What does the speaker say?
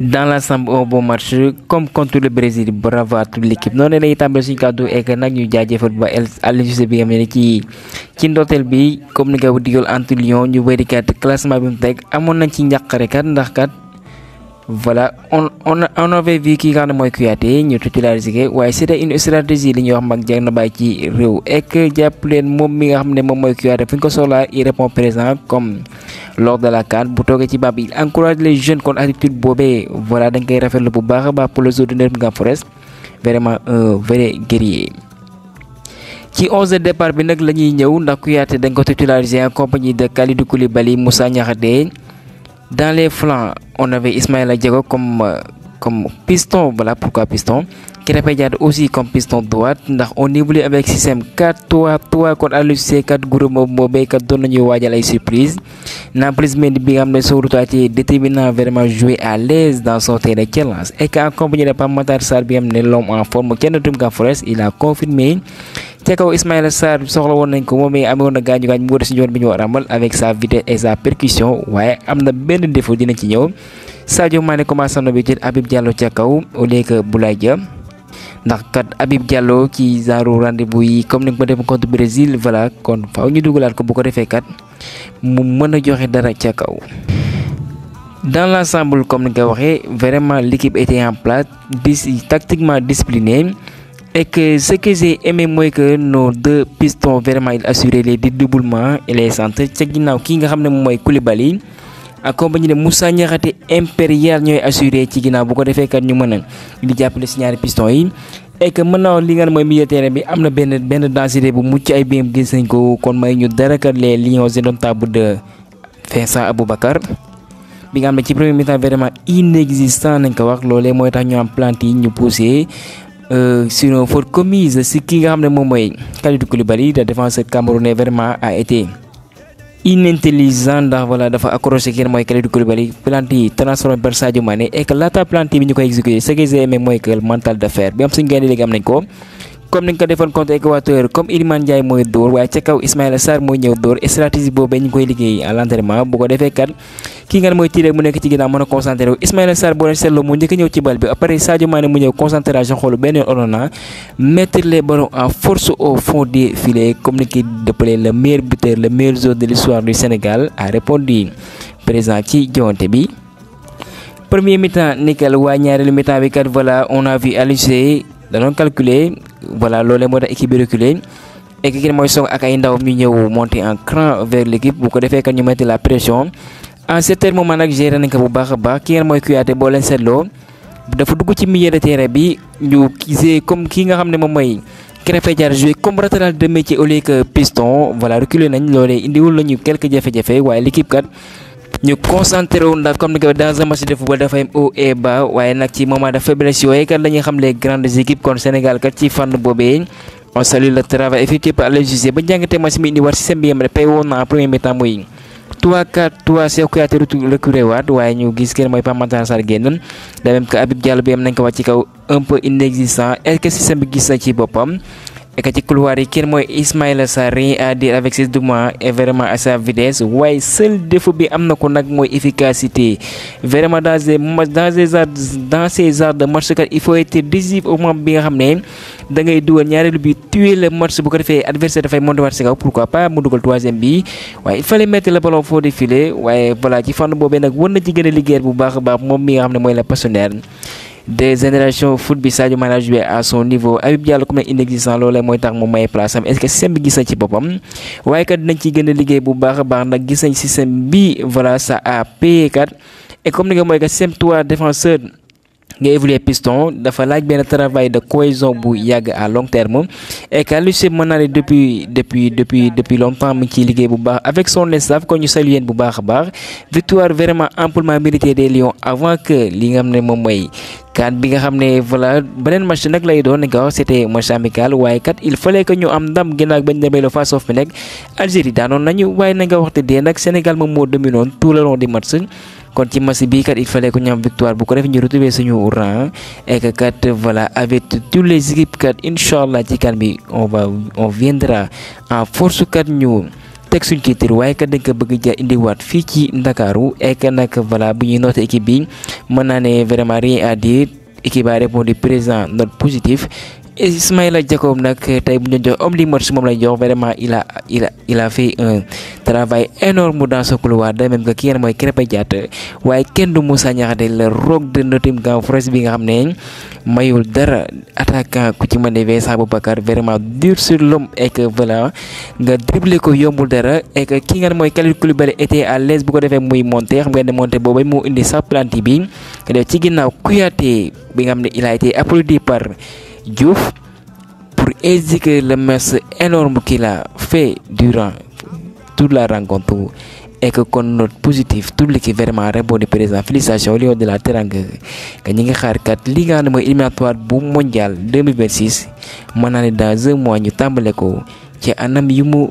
dans l'ensemble un bon match comme contre le Brésil bravo à toute l'équipe noonu lañuy tàmbale suñu kàddu ek nag ñu jaajëfal ba Aliou bi nga xam ci ndoteel bi comme ni nga ko digal entre Lyon ñu bëri kat classement bi mu teg amoon nañ ci njàqare ndax kat. voilà on on on avait nga xam ne mooy Kouyaté ñu titularisé waaye c'était une stratégie li ñuy wax mag jeeg na bàyyi ci réew ek jàpp leen moom mi nga xam ne moom mooy Kouyaté fu ñu ko soxlaa il répond présent comme lors de la CAN bu toogee ci bab il encourage les jeunes kon attitude boobee voilà dañ koy rafetlu bu baax a baax pour le zoo de Nottingham Forest vraiment un vrai guerrier. ci 11 départ bi nag la ñuy ñëw ndax Kouyaté dañ ko titularisé en compagnie de Kalidou Koulibaly Moussa Niakhaté. Dans les flancs, on avait Ismaël Adjago comme, euh, comme piston, voilà pourquoi piston. Qui aussi comme piston droite on voulait avec système 4 3 3 contre l'UC, 4 groupes groupe 4 boobee de surprise ne vraiment jouer à l'aise dans son terrain de et de Matar en forme il a confirmé. ca kaw Ismaïla Sarr soxla woon nañ ko moom mi amoon na gaañu gaañ mu des yoon bi ñu war amal avec sa vitesse et sa percussion waaye am na benn défaut dina ci ñëw Sadio Mané commencé na bi jël Habib Diallo ca kaw au lieu que Boulaye Dia ndax kat Habib Diallo ci genre rendez-vous yi comme ni ko contre Brésil voilà kon faaw ñu dugalaat ko bu ko defee kat mu mën joxe dara ca kaw dans l'ensemble comme ni nga waxee vraiment l'équipe était en place dis tactiquement disciplinée Et ce que j'ai aimé mooy que nos deux pistons vraiment il assuré les dédoublements et les centres ca ginnaaw kii nga xam ne mooy Koulibaly accompagné de Moussa Niakhaté impérial ñooy assuré ci ginnaaw bu ko defee kat ñu mën a di jàppale si ñaari piston yi. et que mën li nga ne mooy milieu terrain bi am na benn benn densité bu mucc ay biim gis nañ ko kon may ñu dara kat les lions indomptables de Fesa Aboubacar. bi nga xam ne ci premier mi-temps vraiment inexistant nañ ko wax loolee mooy tax ñu am yi ñu poussé Euh, sinon faute commise si ki nga xam ne moom mooy Kalidou Koulibaly le défenseur camerounais vraiment a été inintelligent ndax voilà dafa accroché kenn mooy Kalidou Koulibaly plante yi transformé par Sadio Mané laata plante bi ñu koy exécuté ce que j'ai aimé mooy que mental d'affaire bi am suñu gaynde léegi am nañ ko. comme ni nga ko defoon contre Équateur comme Iliman mooy dóor waaye ca Ismaïla Sarr mooy ñëw dóor stratégie boobee ñu koy liggéey à l'entraînement bu ko defee kat ki nga mooy tiré mu nekk ci ginnaaw mën a concentré Ismaïla Sarr boo leen seetloo mu njëkk ñëw ci bal bi après Sadio mu ñëw concentration xoolu benn yoon mettre les ballons en force au fond des comme ni ki dëppalee le meilleur buteur le meilleur joueur de l'histoire du Sénégal a répondu da doon calculer voilà lolé moo équipe bi reculer équipe mooy soog ak ay ndawam ñu ñëw monter en cran vers l'équipe équipe bu ko defee kat ñu metti la pression en certain moment nag géré nañ ko bu baax a baax ki ngeen mooy Kouyaté boo leen seetloo dafa dugg ci milieu de terrain bi ñu gisee comme ki nga xam ne moom mooy Krépin jouer comme latéral de métier au lieu que piston voilà reculer nañ loolee indiwul la ñu quelques jafe-jafe waaye l' équipe kat. ñu concentré wu ndax comme ni ko dans un match de football dafa am haut waaye nag ci moment de faiblesse yooyu kat la xam les grandes équipes kon Sénégal ci fànn boobee on salue le travail effectué par Aliou Cissé ba jàngatee match mi indi war système bi yem rek pay woon na premier mi mooy 3 4 3 Cheikh Kouyaté waaye ñu gis kenn mooy Pape Matar Sarr génnoon de même que bi am nañ ko wàcc ci kaw un peu inexistant est-ce gis na ci boppam. Et ci couloir yi kenn mooy Ismaïla Sarr rien avec ses mois et vraiment à sa vitesse seul défaut bi am na ko nag mooy efficacité vraiment dans ces dans ces arts dans ces arts de match il faut être décisif au moment bi nga xam ne da ngay dugal ñaareelu bi tuer le match bu ko defee adversaire dafay monté waat si pourquoi pas mu dugal troisième bi waaye il fallait mettre le ballon faux de filet waaye voilà ci fànn boobee nag war na ci gën a liggéey bu baax a baax moom mi nga xam ne la passionnaire des générations foot bi Sadio à son niveau Habib Diallo comme inexistant lolé moy tax mu may place am est-ce que système bi gis na ci bopam waye kat dinañ ci gën a liggéey bu baax baax nak gis nañ système bi voilà ça a payé kat et comme ni nga mooy kat système trois défenseur nga évoluer piston dafa laaj ben travail de cohésion bu yag à long terme et que Aliou mën naa depuis depuis depuis depuis longtemps mu ngi ciy bu baax avec son staff ko ñu saluer bu baax baax victoire vraiment amplement méritée des Lions avant que li nga xam ne moom kaan bi nga xam ne voilà beneen match nag lay doon nga wax c'était match amical waaye kat il fallait que ñu am ndam ginnaaw bañ demee la face off bi nekk Algérie daanoon nañu waaye na nga waxte dee nag Sénégal moo dominoon tout le long du match kon ci match bi kat il fallait que ñu am victoire bu ko def ñu retrouver suñu rang et kat voilà avec tous les équipes kat incha ci kan bi on va on viendra en force kat ñu teg suñu titre waaye kat dañ Mon année a vraiment rien à dire va va répondre présent notre positif Ismaïla Jacob nag eh, tey bu ñu jox li du match moom lañ jox vraiment il a il a il a fait un travail énorme dans ce couloir de même que ki mooy Krépin Diatta waaye kenn du Moussa Niakhaté le roc de Nottingham Forest bi nga xam ne mayul dara attaquant ku ci mën a Vincent Aboubakar vraiment dur sur l'homme et que nga dribblé ko yombul dara et que ki ngeen mooy Kalidou Koulibaly était à l'aise bu ko defee muy monté xam ngeen ne monté boobu mu indi sa planti bi def ci ginnaaw Kouyaté bi nga xam ne il a été applaudi par. Diouf pour exécuter le match énorme qu'il a fait durant toute la rencontre et que comme note positive tout le est vraiment répondu présent félicitations Lion de la Teranga que ñi ngi xaar kat li nga éliminatoire mondial 2026 mën dans un mois ñu tàmbale ko ci anam yu mu